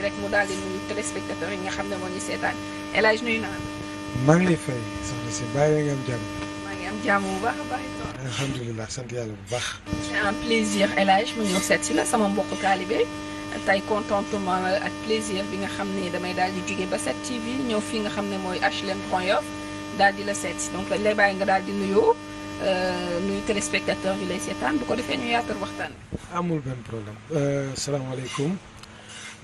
rek mu daal di nuyu téléspectateur yi nga xam ne moo ñu seetaan El Hadj nuyu naa maa ngi lay fay soxna si bàyyi nga am jàmm. maa ngi am jàmm bu baax a baax. alhamdulilah sant yàlla bu baax. c'est un plaisir El Hadj mu ñëw seet si la sama mbokku taalibe tey contentement la ak plaisir bi nga xam ne damay daal di jóge ba 7TV ñëw fii nga xam ne mooy HLM Point Yoff daal di la seet si donc dañ lay bàyyi nga daal di nuyoo euh, nuyu téléspectateur yi lay seetaan bu ko defee ñu yaatal waxtaan bi. amul benn problème. Euh, salaamaaleykum.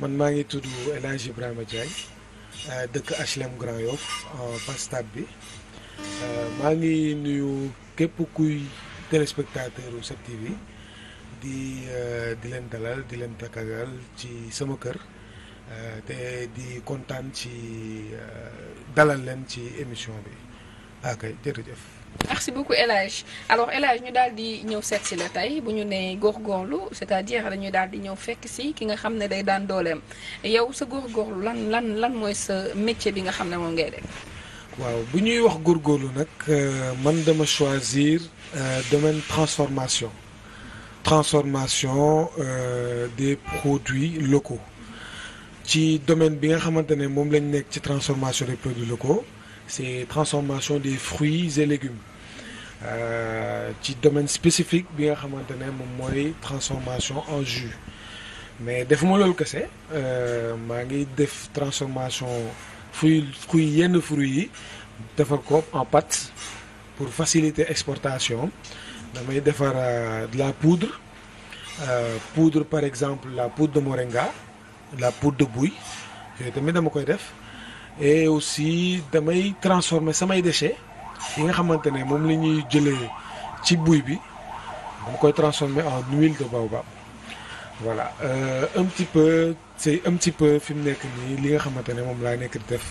man maa ngi tudd El Hadj Ibrahima euh, dëkk HLM Grand Yoff Pastab euh, bi euh, maa ngi nuyu képp kuy téléspectateur u 7TV di di leen dalal di leen takagal ci sama kër te di kontaan ci dalal leen ci émission bi akay ah, jërëjëf merci beaucoup El Hadj alors El ñu daal di ñëw seet si la tey bu ñu nee góorgóorlu c'est-à-dire dañuy daal di ñëw fekk si ki nga xam ne day daan dooleem yow sa góorgóorlu lan lan lan mooy sa métier bi nga xam ne moom ngay def. waaw bu ñuy wax góor góorlu nag euh, man dama choisir euh, domaine transformation transformation euh, des produits locaux ci domaine bi nga xamante ne moom lañ nekk ci transformation des produits locaux. c'est transformation des fruits et légumes euh, ci domaine spécifique bi nga xamante ne moom mooy transformation en jus mais defuma loolu kese euh, maa ngi def transformation fruit fruit yenn fruits yi defar ko en pâte pour faciliter exportation damay defar euh, de la poudre poudre par exemple la poudre de moringa la poudre de bouy yooyu tamit dama koy def et damay transformer samay déchets yi nga xamante ne moom la ñuy ci buy bi dama koy transformer en huile de baobab voilà euh, un fi mu nekk nii li nga xamante ne moom laa nekk di def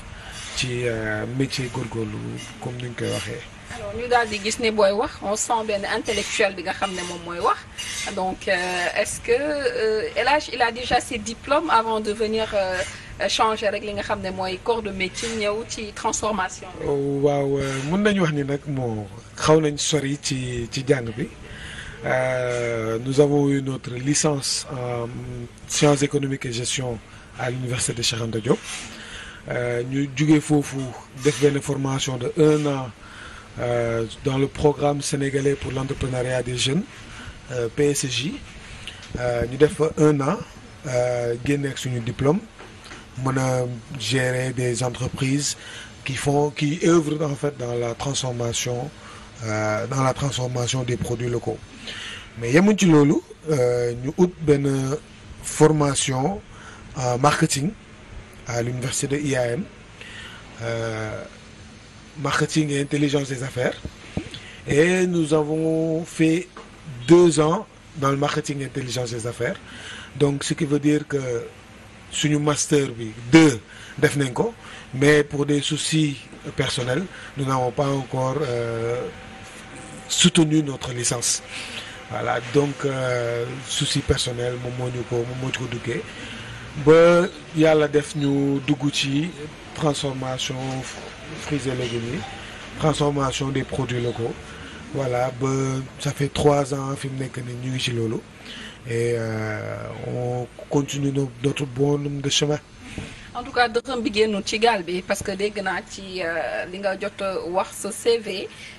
ci euh, métier góorgóorlu comme ni ñu koy waxee. alors daal di gis ni booy wax on sent benn bi nga xam ne moom mooy wax donc euh, est-ce que euh, El Hadj il a déjà ses diplômes avant de venir. Euh, changer rek li nga xam ne mooy corps de métier ñëw ci transformation oh, waaw euh, mun nañu wax ni nag moo xaw nañ sori ci ci jàng bi euh, nous avons eu notre licence en sciences économiques et gestion à l'université de Cheikh Anta Diop euh, ñu jóge foofu def benn formation de un an Euh, dans le programme sénégalais pour l'entrepreneuriat des jeunes euh, PSJ ñu def fa un an génn ak suñu diplôme mën a gérer des entreprises qui font qui œuvrent en fait dans la transformation euh, dans la transformation des produits locaux mais yemuñ ci loolu euh, ñu ut benn formation en marketing à l'université de IAM euh, marketing et intelligence des affaires et nous avons fait deux ans dans le marketing et intelligence des affaires donc ce qui veut dire que suñu master bi deux def nañ ko mais pour des soucis personnels nous n'avons pas encore euh, soutenu notre licence voilà donc euh, souci personnel moom moo ñu ko duggee ba yàlla def ñu dugg ci transformation fruits et légumes yi transformation des produits ko voilà ba ça fait trois ans fi mu nekk ni ñu ngi ci loolu et euh, on continue notre bon nombre de chemin. en tout cas dërëm bi génnul ci gaal bi parce que dégg naa ci euh, li nga jot wax sa CV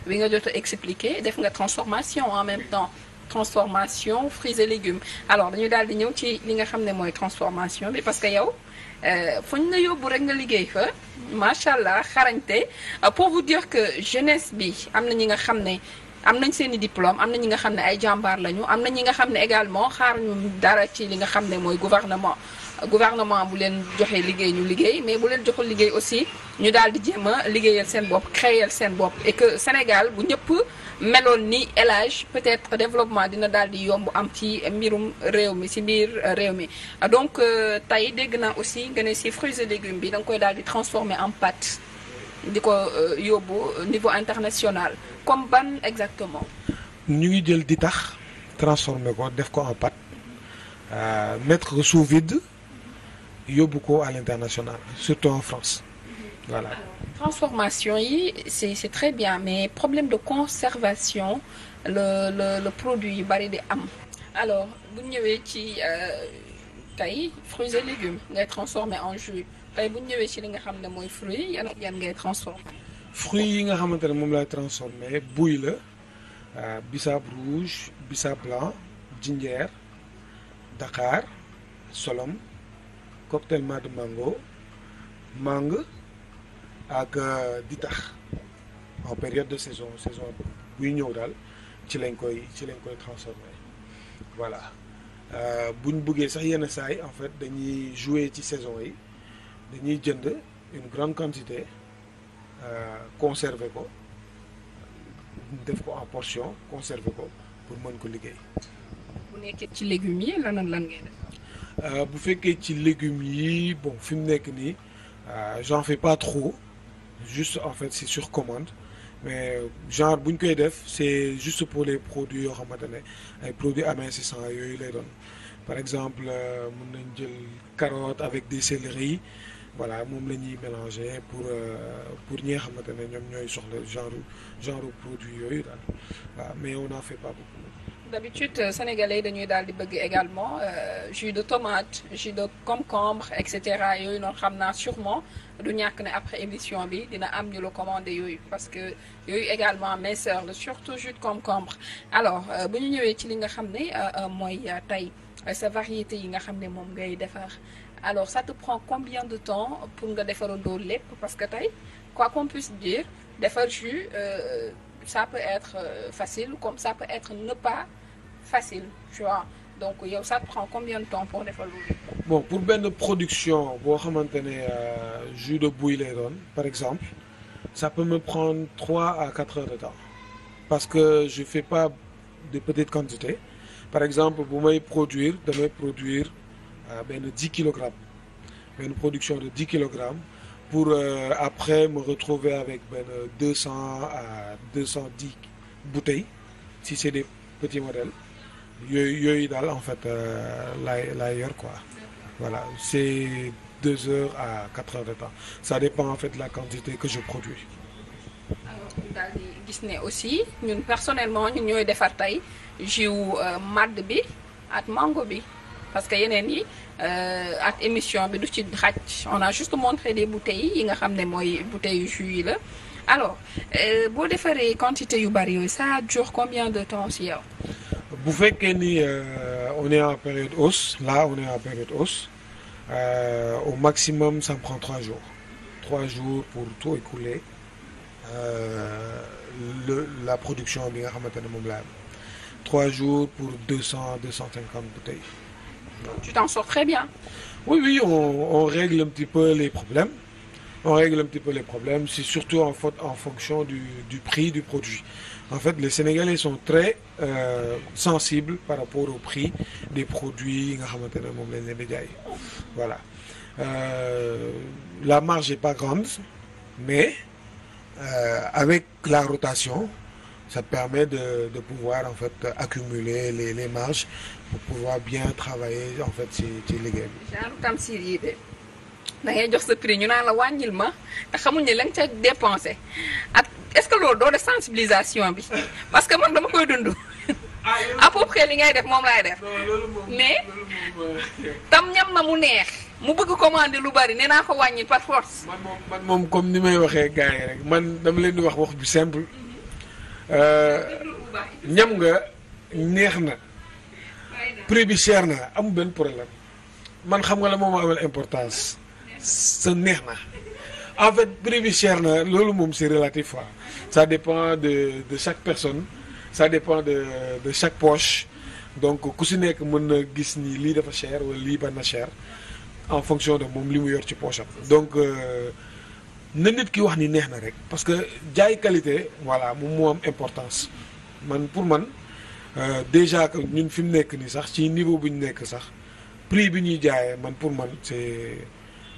bi nga jot a expliqué def nga transformation en même temps transformation fruits et légumes alors dañu daal di ñëw ci li nga xam ne mooy transformation bi parce que yow euh, fuñ la yóbbu rek nga liggéey fa macha allah xarañte pour vous dire que jeunesse bi am na ñi nga xam ne. am nañ seen i diplôme am na ñi nga xam ne ay jàmbaar lañu am na ñi nga xam ne également xaar ñu dara ci li nga xam ne mooy gouvernement gouvernement bu leen joxee liggéey ñu liggéey mais bu leen joxul liggéey aussi ñu daal di jéem a liggéeyal seen bopp créer seen bopp et que Sénégal bu ñëpp meloon ni élage peut-être développement dina daal di yomb am ci mbirum réew mi si biir réew mi donc euh, tey dégg naa aussi nga ne si fruits et légumes bi da koy daal di transformer en pâte di ko euh, yóbbu niveau international comme ban exactement. ñu ngi jël di tax transformé ko def ko en pâte euh, mettre ko sous vide yóbbu ko à l'international surtout en France voilà. transformation yi c'est c'est très bien mais problème de conservation le le produit yu bari di am. alors bu ñëwee ci euh, tey fruits et légumes ngay transformé en jus. tey bu ñu ñëwee ci li nga xam ne mooy fruit yan ak yan ngay transformé. fruit yi nga xamante ne moom laay transformé buy la euh, bisaab rouge bisaab blanc jinjeer Dakar solom cocktail de mango mangue ak euh, ditax en période de saison saison buy ñëw daal ci lañ koy ci lañ koy transformé voilà euh, bu ñu buggee sax yenn saay en fait dañuy jouer ci saison yi. dañuy jënd une grande quantité euh, conserver ko def ko en portion conserver ko pour mën ko liggéey. bu nekkee ci légumes yi lan lan ngay def. Euh, bu fekkee ci légumes yi bon fi mu nekk nii euh, j'en fais pas trop juste en fait c'est sur commande mais genre bu ñu koy def c'est juste pour les produits yoo xamante ne ay produits amincissants yooyu lay doon par exemple mën nañ jël carotte avec des céleris. voilà moom la ñuy mélanger pour euh, pour ñi nga xamante ne ñoom ñooy soxla genre genre produit yooyu daal waaw mais on n'en fait pas d'habitude euh, sénégalais dañuy daal di bëgg également euh, jus de tomate jus de concombre et cetera yooyu noonu xam naa sûrement du ñàkk ne après émission bi dina am ñu la commandé yooyu parce que yooyu également mes sœurs la surtout jus de concombre alors bu ñu ñëwee ci li nga xam ne mooy tey sa variété yi nga xam ne moom ngay defar. alors ça te prend combien de temps pour nga defarandoo lépp parce que tey quoi qu'on puisse dire defar jus euh, ça peut être euh, facile comme ça peut être ne pas facile tu vois donc yow ça te prend combien de temps pour defar loolu bon pour benn production boo xamante ne euh, jus de bouille lay doon par exemple ça peut me prendre trois à quatre heures de temps parce que je fais pas de petites quantités par exemple bu may produire damay produire benn dix kilogrammes benn production de dix kilogrammes pour euh, après me retrouver avec benn cent à deux cent dix bouteilles si c'est des petits modèles yooyu yooyu daal en fait euh, laay laay quoi voilà c'est deux heures à quatre heures de temps ça dépend en fait de la quantité que je produis. daal di gis ne aussi ñun personnellement ñun ñooy defar tey jus euh, màdd bi ak mango bi. parce que yeneen yi euh, ak émission bi du ci xaj on a juste montré des bouteilles yi nga xam ne mooy bouteille yu jus yi la alors euh, boo defaree quantité yu bari yooyu ça dure combien de temps si yow. bu fekkee ni euh, on est en période hausse là on est en période hausse euh, au maximum ça prend trois jours trois jours pour tout écouler euh, le la production bi nga xamante ne moom laa am trois jours pour deux cent deux cent cinquante bouteilles. Tu t'en sors très bien. Oui, oui, on, on, règle un petit peu les problèmes. On règle un petit peu les problèmes. C'est surtout en, fa en fonction du, du, prix du produit. En fait, les Sénégalais sont très euh, sensibles par rapport au prix des produits. Voilà. Euh, la marge n'est pas grande, mais euh, avec la rotation, ca te permet de, de pouvoir en fait accumuler les, les marges pour pouvoir bien travailler en fait ci liggéey bi. genre da ngay jox sa prix ñu naan la wàññil ma te xamuñ ne la nga ca dépensé ak est-ce que loolu doo def sensibilisation bi parce que man dama koy dund. Ah, à peu li ngay def moom laay def mais euh, tam ñam na mu neex mu bëgg commander lu bari nee naa ko wàññi par force. man moom comme ni may waxee gars rek man dama leen di wax wax bu simple. Euh, ñam nga neex na prix bi cher na amul benn problème man xam nga la moom amal importance sa neex na en fait prix bi cher na loolu moom c'est relatif fois ça dépend de de chaque personne ça dépend de de chaque poche donc ku si nekk mën na gis ni lii dafa cher wala lii ban na cher en fonction de moom li mu yor ci poche am donc. Euh, na nit ki wax ni neex na rek parce que jaay qualité voilà moom moo am importance man pour man euh, déjà que ñun fi mu nekk nii sax ci niveau bu ñu nekk sax prix bi ñuy jaayee man pour man c'est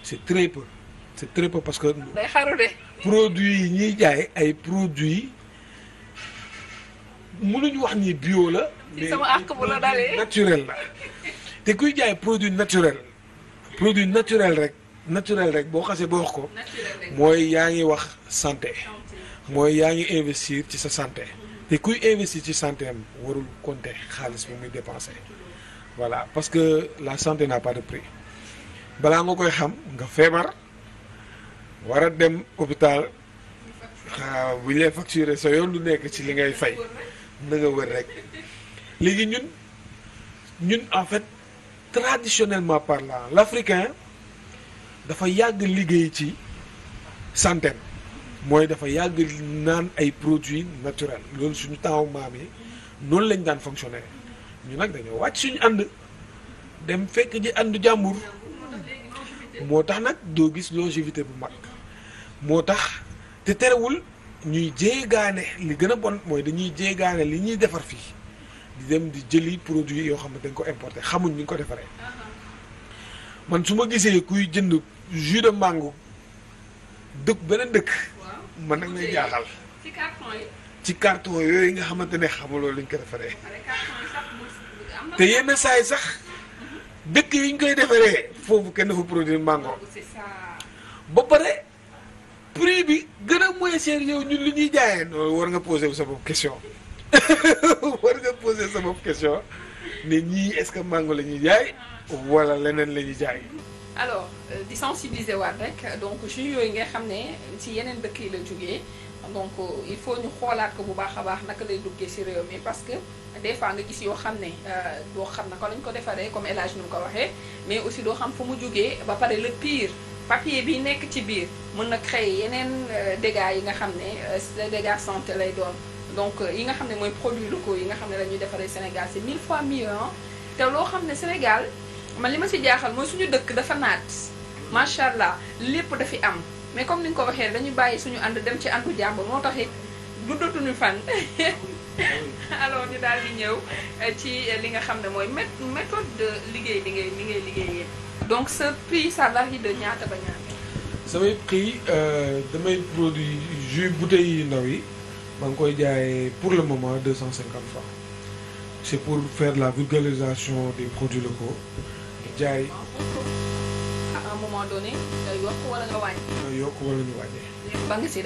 c'est très peu c'est très peu parce que. day xaru yi ñuy jaay ay produits mënuñu wax nii bio la. ci sama àq la naturel la te kuy jaay produit naturel. produit naturel rek. naturel rek boo xasee ba wax ko mooy yaa ngi wax santé mooy yaa ngi investir ci sa santé te kuy investir ci santé am warul compter xaalis bi muy dépenser voilà parce que la santé n'a pas de prix balaa nga koy xam nga feebar war a dem hôpital ah, bu ñu lay facturer sa yoon du nekk ci li ngay fay na nga wër rek léegi ñun ñun en fait traditionnellement parlant l'africain dafa yàgg liggéey ci santé mooy dafa yàgg naan ay produits naturels loolu suñu taaw maam yi noonu lañ daan fonctionner ñu nag dañoo wàcc suñu ànd dem fekk ji ànd jàmbur moo tax nag doo gis longévité bu mag moo tax te terewul ñuy jéegaane li gën a bon mooy dañuy jéegaane li ñuy defar fii di dem di jëli produit yoo xam ne dañ ko importe xamuñ ni ñu ko defaree man su ma gisee kuy jënd jus de mango dëkk beneen dëkk. man nag may jaaxal. ci carton yi. yooyu nga xamante ne xamuloo luñ ko defaree. te yenn saay sax dëkk yi ñu koy defaree foofu kenn fa produit mango. ba pare prix bi gën a moins cher yow ñun li ñuy jaayee noonu war nga posé sa bopp question war nga posé sa bopp question ne ñii est-ce que mango la ñuy jaay ah. walla leneen la ñuy jaay. alors euh, di sensibiliser waat rek donc suñu yooyu nga xam ne si yeneen dëkk yi la jógee donc il faut ñu xoolaat ko bu baax a baax naka lay duggee si réew mi parce que des fois nga gis yoo xam ne euh, doo xam ne ko lañ ko defaree comme élage nu mu ko waxee mais aussi doo xam fu mu jógee ba pare le pire papier bi nekk ci biir mën nag créer yeneen euh, dégâts yi nga xam ne dégâts santé lay doon donc yi nga xam ne mooy produits ko yi nga xam ne la defaree Sénégal c'est mille fois mieux te loo xam ne Sénégal man li ma si jaaxal mooy suñu dëkk dafa naat macha allah lépp dafi am mais comme ni nga ko waxee dañu bàyyi suñu ànd dem ci àndu jàmbur moo tax it guddatuñu fan. alors ñu daal di ñëw eh, ci eh, li nga xam ne mooy méthode de liggéey bi ngay li ngay liggéeyee donc ce prix ça varie de ñaata ba ñaata. samay prix euh, damay produit jus bouteille yi ndaw yi maa ngi koy jaayee pour le moment deux cent cinquante francs c'est pour faire la vulgarisation des produits locaux. jaay. à un moment donné nga yokk wala nga wàññi. yokk wala ñu wàññi. ba nga si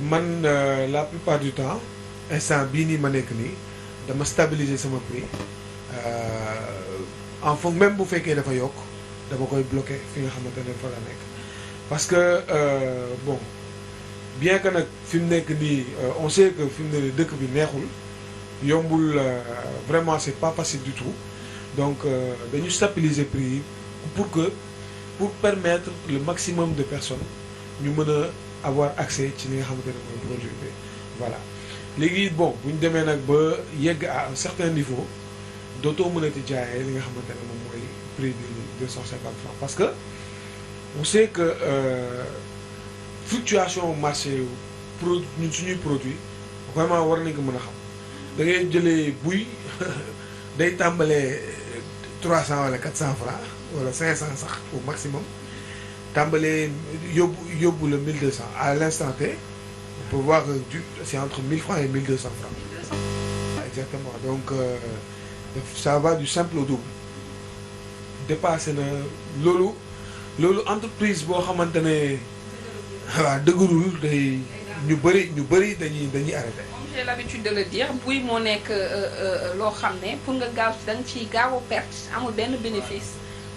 man euh, la plupart du temps instant bii nii ma nekk nii dama stabiliser sama prix euh, en foog même bu fekkee dafa yokk dama koy bloqué fi nga xamante ne fa la nekk parce que euh, bon bien que nag fi mu nekk nii euh, on sait que fi mu ne dëkk bi neexul yombul vraiment c'est pas facile du tout. donc euh, dañu stabiliser prix yi pour que pour permettre le maximum de personnes ñu mën a avoir accès ci li nga xamante ne mooy produit bi voilà léegi bon bu ñu demee nag ba yegg à un certain niveau dootoo mënati jaayee li nga xamante ne moom mooy prix bi 250 francs parce que on sait que euh, fluctuation marché yu pro ñun suñuy produit vraiment war nañ ko mën a xam da ngay jëlee buy day tàmbalee trois cent wala quatre cent francs wala cinq cent sax au maximum tàmbalee yóbbu yóbbu la mille deux cent à l'instant T on peut voir que c'est entre mille francs et mille deux cent francs exactement donc euh, du simple au double dépassé na loolu loolu entreprise boo xamante ne waaw dëgërul day ñu bëri ñu bëri dañuy dañuy arrêté j'ai l'habitude de le dire buy moo nekk euh, euh, euh, loo xam ne pour nga gaaw da nga ciy gaaw a perte amul benn bénéfice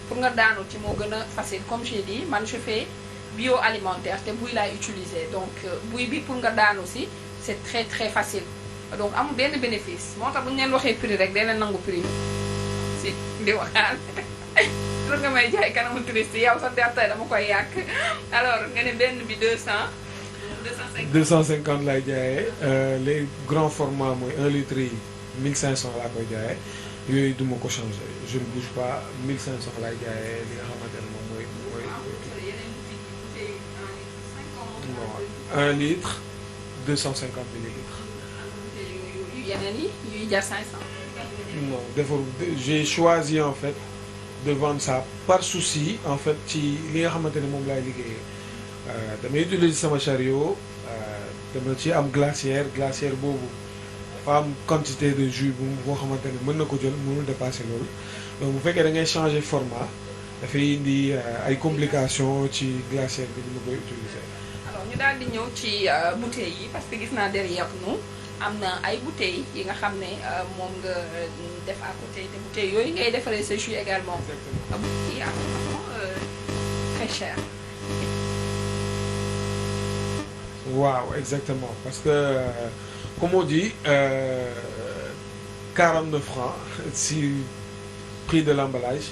pour nga daanu ci moo gën a facile comme j'ai dit man je bio alimentaire te buy laay utiliser donc buy bi pour nga daanu si c'est très très facile donc amul benn bénéfice moo tax bu ñu leen waxee prix rek day leen nangu prix si di waxaan pour nga may jaay kanamu touriste yow sa der tey dama koy yàq alors nga ne benn bi 200. deux cent cinquante laay jaayee euh, les gran formats mooy un litre yi mille cinq cent laa koy jaayee yooyu du ma ko changé je ne bouge pas mille cinq cent laay jaayee li nga xamante ne moom mooy mooy non un litre deux cent cinquante millilitres non defaru j'ai choisi en fait de vendre ça par souci en fait ci li nga xamante ne moom laay liggéeyee euh, damay utiliser sama chariot dama ci am glacière glacière boobu dafa am quantité de jus bu boo xamante ne mën na ko jël mënul dépasser loolu donc bu fekkee da ngay changer format dafay indi euh, ay complications ci glacière bi ni ma koy utiliser. ñu daal di ñëw ci euh, bouteilles yi parce que gis naa derrière nous am na ay bouteilles yi nga xam ne euh, moom nga def à côté te bouteilles yooyu ngay defaree sa jus également. exactement ah très cher. waaw exactement parce que euh, comme on dit euh, quarante neuf francs si prix de l'emballage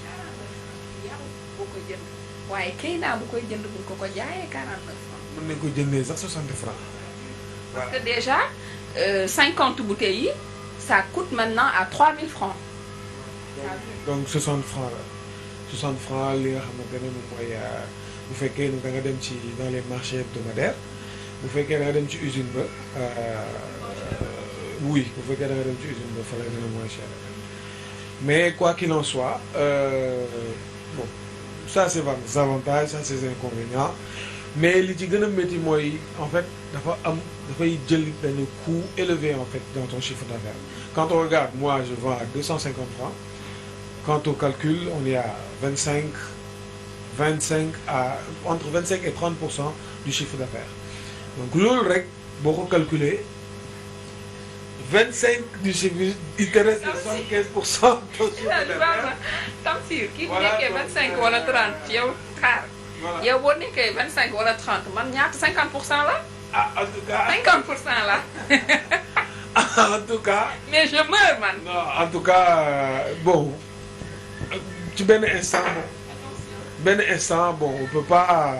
waaye kay naa bu koy ko ko jaayee 49 francs. mën nañu ko jëndee sax 60 francs. parce que déjà euh, 50 coûte maintenant à francs. donc, donc francs li nga xamante ne moom mooy euh, bu fekkee da nga dem ci dans les marchés hebdomadaires. bu fekkee da nga dem ci usine ba wuy euh, euh, bu fekkee da nga dem ci usine ba mais quoi qu'il en soit euh, bon ça c'est des avantages ça c'est inconvénients mais li ci gën a métti mooy en fait dafa am dafay jël benn coût élevé en fait dans ton chiffre d'affaires quand on regarde moi je vends à 250 calcul on est à 25 25 à entre 25 et 30 pour cent du chiffre d'affaires donc loolu rek boo ko calculer vingt cinq du service intéresse la soixante quinze pour cent Tamsir kii vingt cinq euh, wala trente yow xaar yow boo nekkee vingt cinq wala trente man ñaata pour cent la ah en tout pour cent la en tout non en tout cas euh, bon euh, ci benn instant bon on peut pas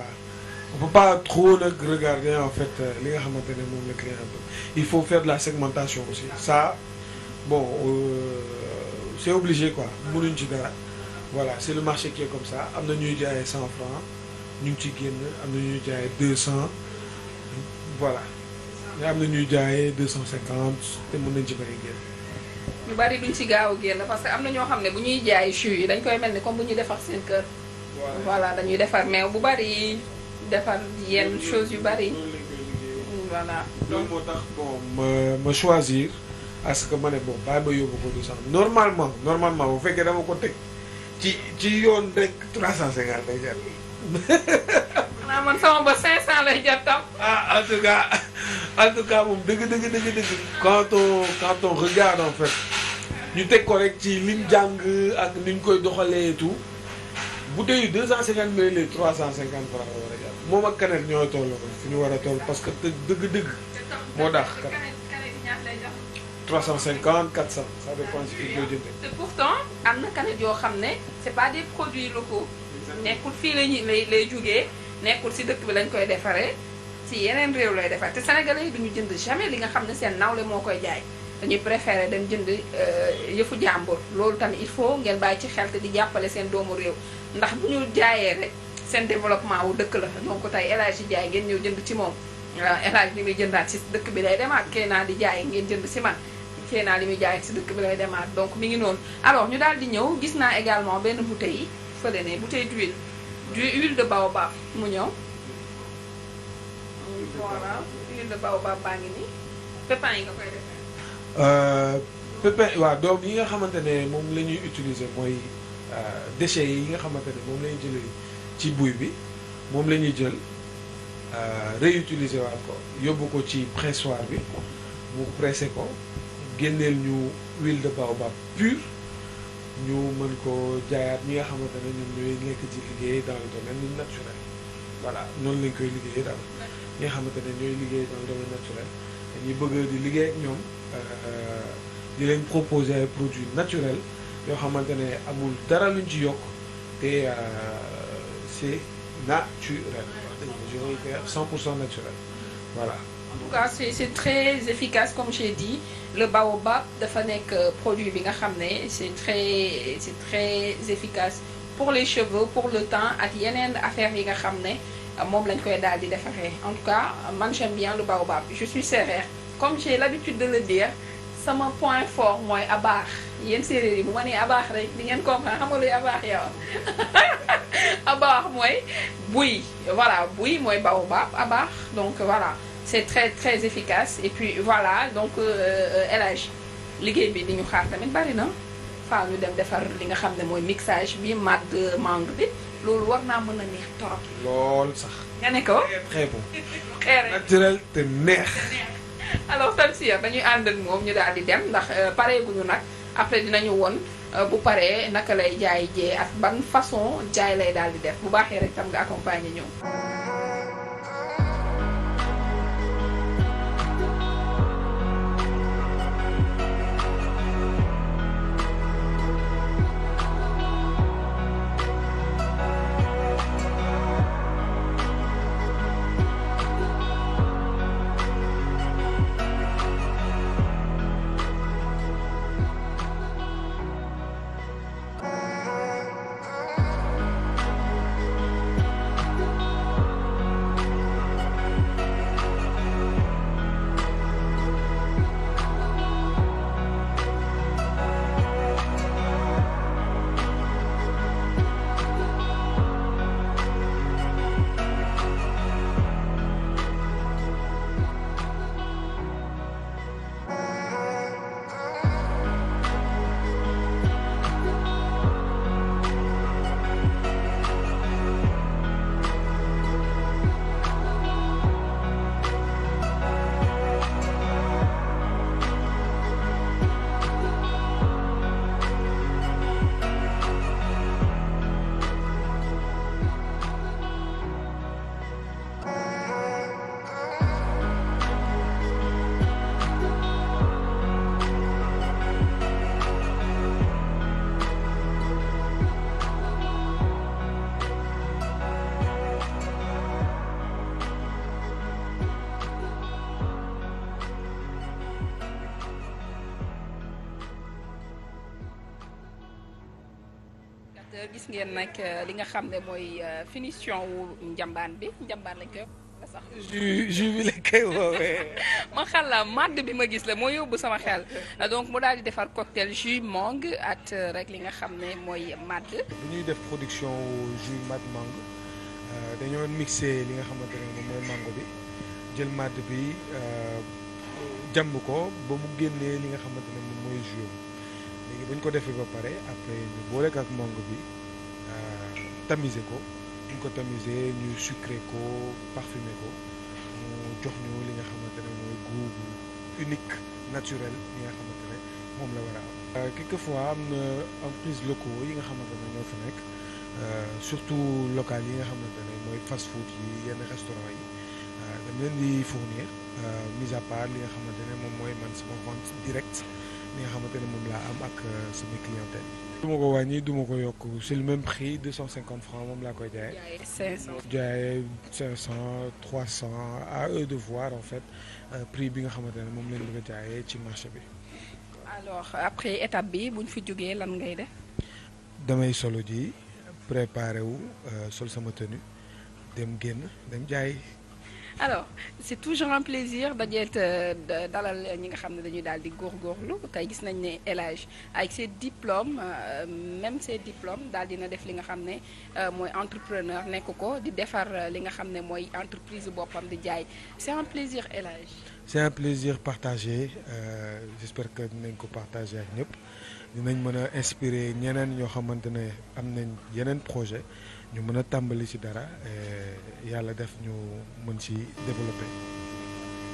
on peut pas trop nag regarder en fait euh, li nga xamante ne moom la client bi il faut faire de la segmentation aussi ça bon euh, c'est obligé quoi mënuñ ci dara voilà c'est le marché qui est comme ça am na ñuy jaayee cent francs ñu ngi ciy génn am na ñuy jaayee deux cent voilà am na ñuy jaayee deux cent cinquante te mën nañ ci bëri génn. ñu bari duñ ci gaaw a génn parce que am na ñoo xam ne bu ñuy jaay jus yi dañ koy mel ni comme bu ñuy defar seen kër. voilà dañuy defar meew bu bari. defar yenn chose yu bari voilà donc moo tax ma ma choisir parce que ma ne bon bàyyi ma yóbbu ko du normalement normalement bu fekkee dama ko teg ci ci yoon rek 350 lay jar. xanaa man sama ba 500 lay jar tam. ah en tout cas moom dëgg dëgg dëgg dëgg. quand en fait ñu teg ko rek ci liñ jàng ak ni ñu koy doxalee et tout bouteille yu 250 cent les 350 francs rek. moom ak Kader ñoo toll fi ñu war a toll parce que dëgg-dëgg moo daax kat 350 400 ça dépend si kii jooju. te pourtant am na yoo xam ne c'est pas des produits locaux. nekkul fii la ñuy lay lay jugee nekkul si dëkk bi lañ koy defaree si yeneen réew looy defaree te sénégalais yi duñu jënd jamais li nga xam ne seen nawle moo koy jaay. dañuy préféré dem jënd euh, yëfu jàmbur loolu tamit il faut ngeen bàyyi ci xel te di jàppale seen doomu réew ndax bu ñu jaayee rek. seen développement wu dëkk la donc tey El Hadji Ndiaye ngeen ñëw jënd ci moom El Hadji li muy jëndaat si dëkk bi lay demaat Kéna di jaay ngeen jënd si man Kéna li muy jaay si dëkk bi lay demaat donc mu ngi noonu alors ñu daal di ñëw gis naa également benn bouteille fële ne bouteille d'huile du huile de baobab mu ñëw voilà huile de baobab baa ngi nii pépins yi nga koy defee euh, pépins waaw doom yi nga xamante ne moom la ñuy utiliser mooy euh, déchets yi nga xamante ne moom la ñuy ci buy bi moom lañuy ñuy jël euh, réutiliser waat ko yóbbu ko ci pressoir bi mu pressé ko génneel ñu huile de baobab pure ñu mën ko jaayaat ñi nga xamante ne ñoom ñooy ci liggéey dans le ni naturel voilà noonu lañ koy liggéey daal ñi nga xamante ne ñooy liggéey dans le domaine naturel dañuy bëgg di liggéey ñoom euh, di leen proposer ay produits naturels yoo xamante ne amul dara luñ ci yokk te euh, c'est naturel. Voilà. en tout cas c' est c' est très comme j'ai dit le baobab dafa nekk euh, produit bi nga xam ne c' est très efficace pour les cheveux pour le temps ak yeneen affaires yi nga xam ne euh, moom lañ koy daal di defaree en tout cas euh, man j'aime bien le baobab je suis sérère comme j'ai l'habitude de le dire sama point fort mooy abaax yéen séeréer yi bu ma nee abaax rek di ngeen comprendre xam nga abaax mooy buy voilà buy mooy baobab abaax donc voilà c'est très très efficace et puis voilà donc élage euh, liggéey bi di ñu xaar tamit bari na faa ñu dem defar li nga xam ne mooy mixage bi màdd mangue bi loolu war naa mën a neex torop lool sax nga ne ko très naturel te neex alors Tamsir dañuy ànd ak moom ñu daal di dem ndax euh, pareeguñu nag après dinañu woon Euh, bu paree naka lay jaay jee ak ban façon jaay lay daal di def bu baaxee rek tam nga accompagner ñëw gis ngeen nag euh, li nga xam ne mooy euh, finition wu bi njambaan lañ koy sax bi ma gis la moo yóbbu sama xel donc mu daal di defar cocktail jus mangue at euh, rek li nga xam ne mooy màdd. bu ñuy def production jus màdd mangue dañoo mixé li nga xamante ne moom mooy mango bi jël màdd bi jàmb ko ba mu génnee li nga xamante ne moom mooy jus léegi bu ko defee ba pare après ñu boole ak mango bi. tamiser ko ñu ko tamiser ñu sucré ko parfumé ko mu jox ñu li nga xamante ne mooy goût unique naturel li nga xamante ne moom la war a am. Euh, quelquefois am na entreprise locaux yi nga xamante ne ñoo fi nekk euh, surtout local yi nga xamante ne mooy fast food yi yenn restaurant yi euh, dañ leen di fournir mise à part li nga xamante ne moom mooy man sama vente direct li nga xamante ne moom laa am ak sama clientèle. du ma ko wàññi du ma ko yokk c'est le même prix 250 francs moom laa koy jaayee. jaayee 500. cent 500 300 à eux de voir en fait euh, prix bi nga xamante ne moom lañ bëgg a jaayee ci marché bi. alors après étape bi buñ fi jógee lan ngay de damay solo ji préparé wu euh, sol sama tenue dem génn dem jaay. alors c'est toujours un plaisir dajeet dalal ñi nga xam ne dañuy daal di góor góorgóorlu tey gis nañ ne El ay avec ses diplômes euh, même ses diplômes daal dina def li nga xam ne euh, mooy entrepreneur nekk ko di defar li nga xam ne mooy entreprise boppam di jaay c'est un plaisir El Hadj c'est un plaisir partagé euh, j'espère que nañ ko partagé ak ñëpp dinañ mën a inspirer ñeneen ñoo xamante ne am nañ yeneen projet ñu mën a tàmbali ci dara eh, yàlla def ñu mën ci développé.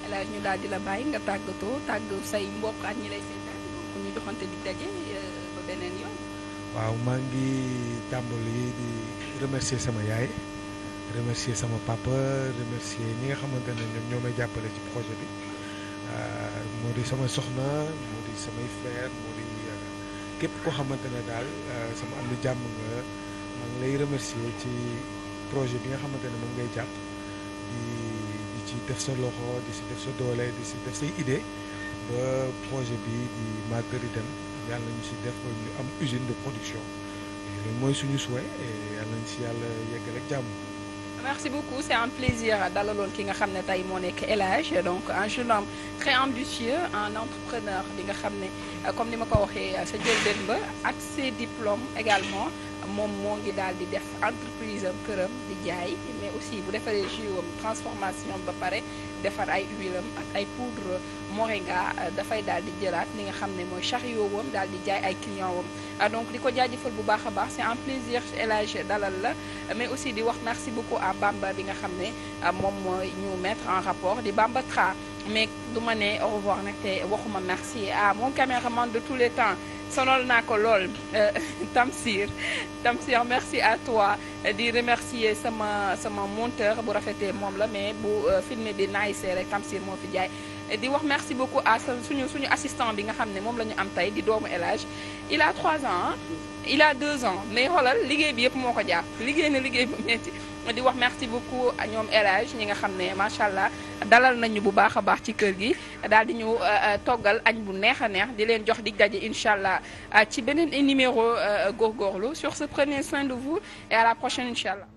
alors ñu daal di la bàyyi nga tàggatoo tàgg say mbokk ñi lay seetaan pour ñu joxante di daje eh, ba beneen yoon. waaw maa ngi tàmbali di remercier sama yaay remercier sama papa remercier ñi nga xamante ne ñoom ñoo may jàppale ci projet bi ah, moo di sama soxna moo di samay frère moo di eh, képp koo xamante ne daal sama am lu jàmm nga. maa ngi lay remercier ci projet bi nga xamante ne moom ngay jàpp di di ci def sa loxo di si def sa doole di si def say idée ba projet bi di màgg di dem yàlla ñu si def ñu am usine de production loolu mooy suñu souhait yàlla ñu si yàlla yeggal ak jàmm. merci beaucoup c'est un plaisir dalaloon ki nga xam ne tey moo nekk El Hadj donc un jeune homme très ambitieux un entrepreneur bi nga xam ne comme ni ma ko waxee sa jël ba ak ses diplômes également moom moo ngi daal di def entreprise am këram di jaay mais aussi bu defaree jus am transformation ba pare defar ay huile ak ay poudre moringa euh, dafay daal di jëlaat li nga xam ne mooy chariot wam dal di jaay ay client wam ah, donc di ko jaajëfal bu baax a baax c'est un plaisir El Hadj dalal la mais aussi di wax merci beaucoup am Bamba bi nga xam ne euh, moom mooy ñu mettre en rapport di Bamba Tra mais du ma ne au revoir nag te waxuma merci à mon caméraman de tous les temps sonal naa ko lool euh, Tamsir Tamsir merci à toi di remercier sama sama monteur bu rafetee moom la mais bu euh, filmé bi naayisee rek Tamsir moo fi jaay di wax merci beaucoup à suñu suñu assistant bi nga xam ne moom la ñu am tey di doomu El Hadj trois a 3 ans il a 2 ans mais xoolal liggéey bi yëpp moo ko jàpp liggéey na liggéey bu métti di wax merci beaucoup ñoom élage ñi nga xam ne macha allah dalal nañu bu baax a baax ci kër gi daal di ñu euh, euh, toggal añ bu neex a neex di leen jox di daje incha allah euh, ci beneen numéro góorgóorlu sur ce prenez soin de vous et à la prochaine incha allah